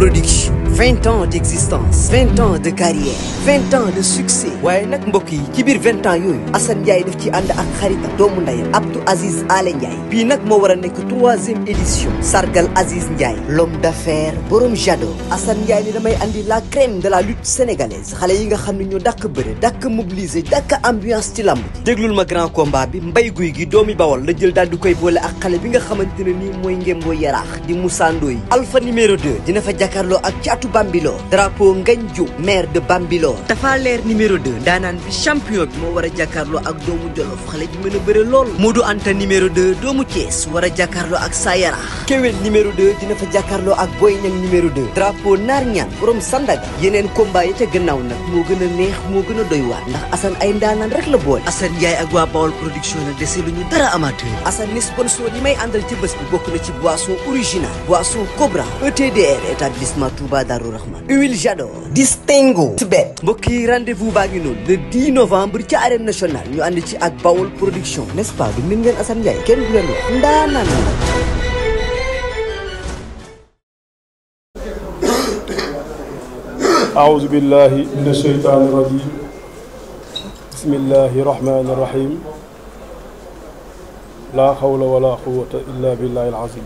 prédiction 20 ans d'existence 20 ans de carrière 20 ans de succès waaye nak mboki? ci bir 20 ans yooyu Assane Ndiaye daf ci and ak doomu Abdou Aziz Ale Ndiaye bii nak mo wara nek édition sargal Aziz Ndiaye l'homme d'affaires borom Jado Assane Ndiaye ni damay andi la crème de la lutte sénégalaise Xalé yi nga xamni ñu Dak dàkk dak mobiliser dak ambiance ci lamb Deglul ma grand combat bi mbay guy gi doomi bawol la jël dal di koy boole ak xalé bi nga xamanteni ni moy di Moussa Ndoye alpha numéro 2 dina fa jakarlo ak Bambilor drapeau Ngagne Diouf maire de Bambilor Tapha Leer numéro 2 daanaan bi champion bi moo war a jàkkaarloo ak doomu Jolof xale bi mën a bëre lool Modou Anta numéro 2 doomu Thiès war a jàkkaarloo ak Sayara Kewel numéro 2 dina fa jàkkaarloo ak Boy Niang numéro 2 drapeau Naar Ñaan borom Sandaga yeneen combat yi ca gannaaw nag moo gën a neex moo gën a doy waar ndax Assane ay ndaanaan rek la boole Assane Ndiaye ak waa Bawol production dese lu ñu dara amateur Assane ni may àndal ci bés bi bokk na ci boisson original boisson Cobra ETDR établissement Daaru Rahman huile Jador distingo Tibet mbokk yi rendez-vous baa ngi noonu le 10 novembre ci arène nationale ñu ànd ci ak Bawol production n'est-ce pas du min ngeen Assane Ndiaye kenn du leen wax ndaanaan la أعوذ بالله من الشيطان الرجيم بسم الله الرحمن الرحيم لا حول ولا قوة إلا بالله العظيم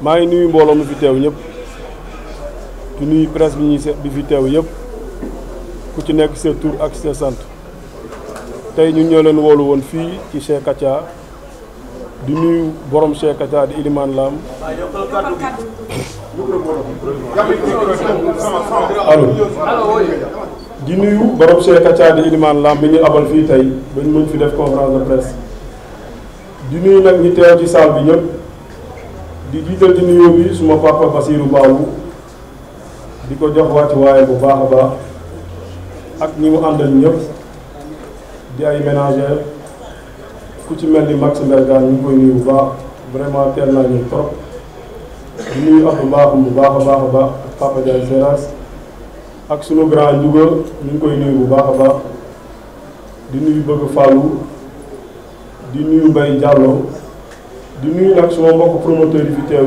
maa ngi nuyu mbooloo mi fi teew ñëpp di nuyu presse bi ñuy bi fi teew yëpp ku ci nekk sa tur ak sa sant tey ñu ñoo leen woolu woon fii ci Cheikh Atia di nuyu borom Cheikh Atia di Ilimane Lam nuyu borom Cheikh Atia di Ilimane Lam bi ñu abal fii tey ba ñu mën fi def conférence di nuyu nag ñi teew ci salle bi ñëpp di jiital di nuyoo bi suma papa Basirou Babou di ko jox wàcc waaye bu baax a baax ak ñi mu àndal ñëpp di ay ménager ku ci mel ni Max Mbergane ñu ngi koy nuyu bu baax vraiment teel naa ñu trop di nuyu ak bu baaxum bu baax a baax a baax ak Papa Diagne Seras ak sunu grand Ndiouga ñu ngi koy nuyu bu baax a baax di nuyu bëgg Fallou di nuyu Mbaye Diallo di nuyu nag suma mbokk promoteur yi fi teew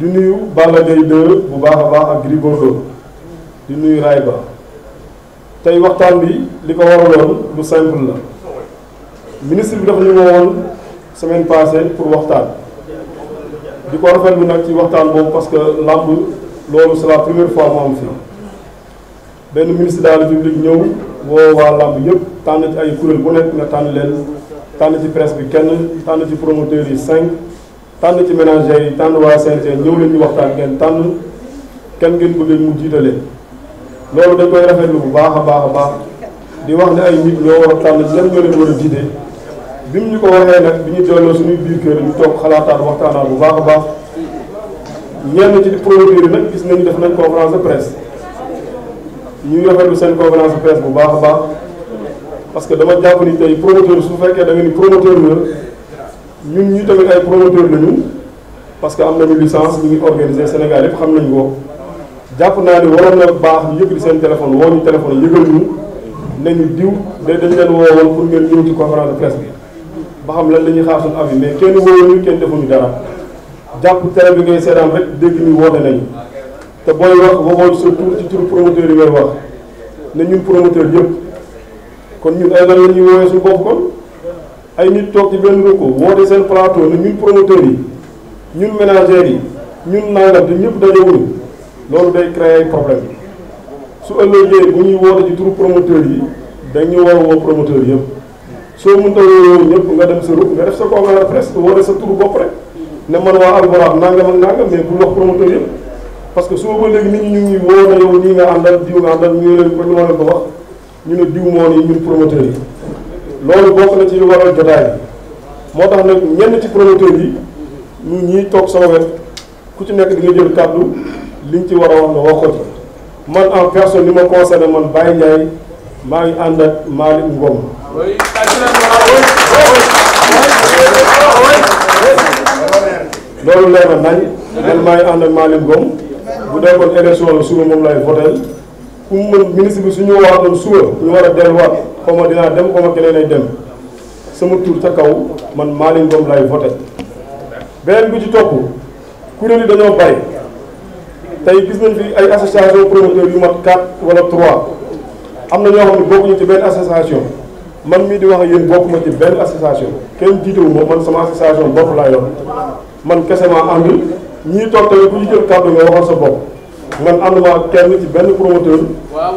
di nuyu Baba Gaye 2 bu baax a baax ak Gris Bordeaux di nuyu Raay Ba tey waxtaan bi li ko waraloon lu simple la ministre bi dafa ñu woon semaine passée pour waxtaan di ko rafetlu nag ci waxtaan boobu parce que làmb loolu c'est la première fois mu am fii benn ministre de la République ñëw woo waa làmb yëpp tànn ci ay kuréel bu nekk nga tànn leen tànn ci presse bi kenn tànn ci promoteurs yi 5. tànn ci ménagères yi tànn waa CNG ñëw leen ñu waxtaan ngeen tànn kenn ngeen bëgg mu jiitale loolu dañ koy lu bu baax a baax a baax di wax ne ay nit ñoo war a tànn ñan ñoo leen war a jiite bi mu ñu ko waxee nag bi ñu delloo suñuy biir kër ñu toog xalaataan waxtaanaan bu baax a baax ñenn ci producteurs yi nag gis nañu def nañ conférence de presse ñuy rafetlu seen conférence de presse bu baax a baax parce que dama jàpp ni tey promoteur su fekkee da nga ñun ñu tamit ay promoteur lañu parce que am nañu licence ñu ngi organiser Sénégal yëpp xam nañ ko jàpp naa ne waroon na baax ñu yëkkati seen téléphone woo ñu téléphone yëgal ñu ne ñu diw de dañ leen woowoon pour ngeen ñëw ci conférence de presse bi ba xam lan la ñuy xaar suñu avis mais kenn woowu ñu kenn defuñu dara jàpp télé bi ngay seetaan rek dégg ñu woote nañu te booy wax waxoon surtout ci tur promoteur yi ngay wax ne ñun promoteur yëpp kon ñun ay lan la ñuy woowee suñu bopp kon. ay nit toog ci benn rëkku woote seen plateau ne ñun promoteurs yi ñun ménagères yi ñun nangam te ñëpp dajewuñu loolu day créer problème su ëllëgee bu ñuy woote ci turu promoteurs yi dañu war a woo promoteurs yëpp soo mënta woo ñëpp nga dem sa rëkk nga def sa conférence presse woote sa turu bopp rek ne man waa Alborax nangam ak nangam mais bul wax promoteurs yëpp parce que soo ba léegi nit ñu ngi woo na yow nii nga àndal diw nga àndal ñu ko ñu ne diw moo nii ñun promoteurs yi. loolu bokk na ci lu waral jotaay moo tax nag ñenn ci promoteur yi ñu ñuy toog sama wet ku ci nekk di jël kàddu liñ ci war a wax nga wax man en personne li ma concerné man Baye Ndiaye maa ngi ànd Ngom maa ngi ànd ak Malick Ngom bu dee kon élection la suba moom lay voté ku mu mën ministre bi suñu waxoon suba ñu war a delluwaat xaw ma dinaa dem xaw ma keneen ay dem sama tur ca kaw man Malick Ngom lay voté beneen bi ci topp kuréel yi dañoo bari tey gis nañ fi ay association promoteurs yu mat 4 wala 3 am na ñoo xam ne bokkuñu ci benn association man mii di wax ak bokk bokkuma ci benn association kenn jiitewu ma man sama association bopp laa yor man kese maa ànd ñii toog tamit ku ci jël kàddu nga waxal sa bopp. man ànduma ak kenn ci benn promoteur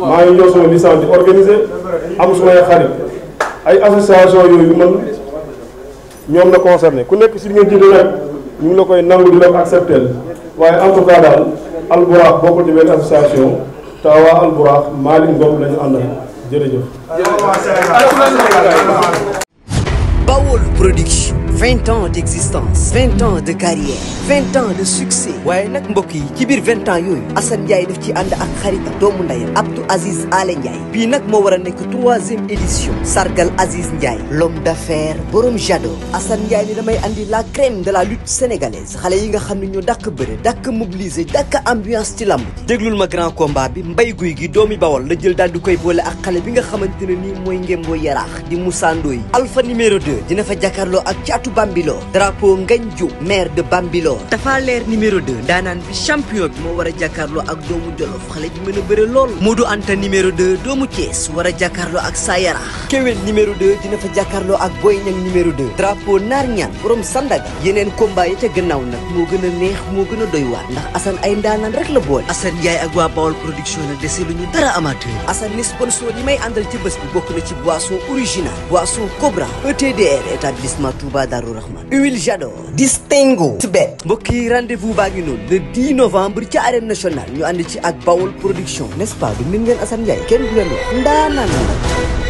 maa ngi yor sama licence di organiser am sumay xarit ay association yooyu man ñoom la concerné ku nekk si li ngeen nag ñu ngi la koy nangu di la ko waaye en tout cas daal Albourakh bokkul ci benn association te waa Albourakh Malick Ngom la ñu àndal jërëjëf. Production 20 ans d'existence 20 ans de carrière 20 ans de succès waaye nak mbokki ci bir 20 ans yoy. Assane Ndiaye def ci and ak doomu Aziz Aly Ndiaye bii nag moo war a nekk troisième édition sargal Aziz Ndiaye l'homme d'affaires borom jado Assane Ndiaye ni damay andi la crème de la lutte sénégalaise xale yi nga xam ne ñoo dakk bëre dakk mobiliser dakk ambiance ci lamb ji déglul ma grand combat bi mbay guy gi doomi bawol la jël daal di koy boole ak xale bi nga xamante ne nii mooy ngémboo yaraax di Moussa Ndoye alpha numéro 2 dina fa jàkkaarloo ak caatu Bambilor drapeau Ngagne Diop maire de Bambilor dafa leer numéro 2 daanaan bi champion bi moo war a jàkkaarloo ak doomu Jolof Fanta numéro 2 doomu Thiès war a jàkkaarloo ak Sayara Kewel numéro 2 dina fa jàkkaarloo ak Boy Niang numéro 2 drapeau naar ñaan borom Sandaga yeneen combat yi ca gannaaw nag moo gën a neex moo gën a doy waar ndax Assane ay ndaanaan rek la boole Assane Ndiaye ak waa Bawol production na dese lu ñu dara amateur Assane ni sponsor yi may àndal ci bés bi bokk na ci boisson original boisson Cobra ETDR établissement Touba Darou Rahman huile Jador Distingo Tibet mbokk yi rendez-vous baa ngi noonu le novembre ci arène nationale ñu ànd ci ak Bawol production ngeen Assane Ndiaye kenn du leen ndaanaan